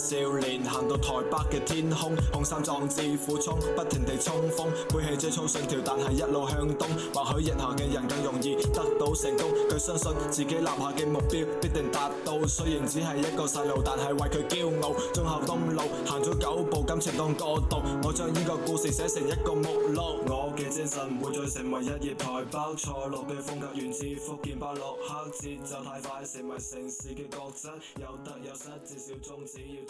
少年行到台北嘅天空，雄心壯志苦衷，不停地衝鋒，背棄最初信條，但係一路向東。或許日行嘅人更容易得到成功，佢相信自己立下嘅目標必定達到。雖然只係一個細路，但係為佢驕傲。忠孝東路行咗九步，感情當過渡，我將呢個故事寫成一個目錄。我嘅精神唔會再成為一夜台北錯落嘅風格，源自福建巴洛克節奏太快，成為城市嘅角質，有得有失，至少宗旨要。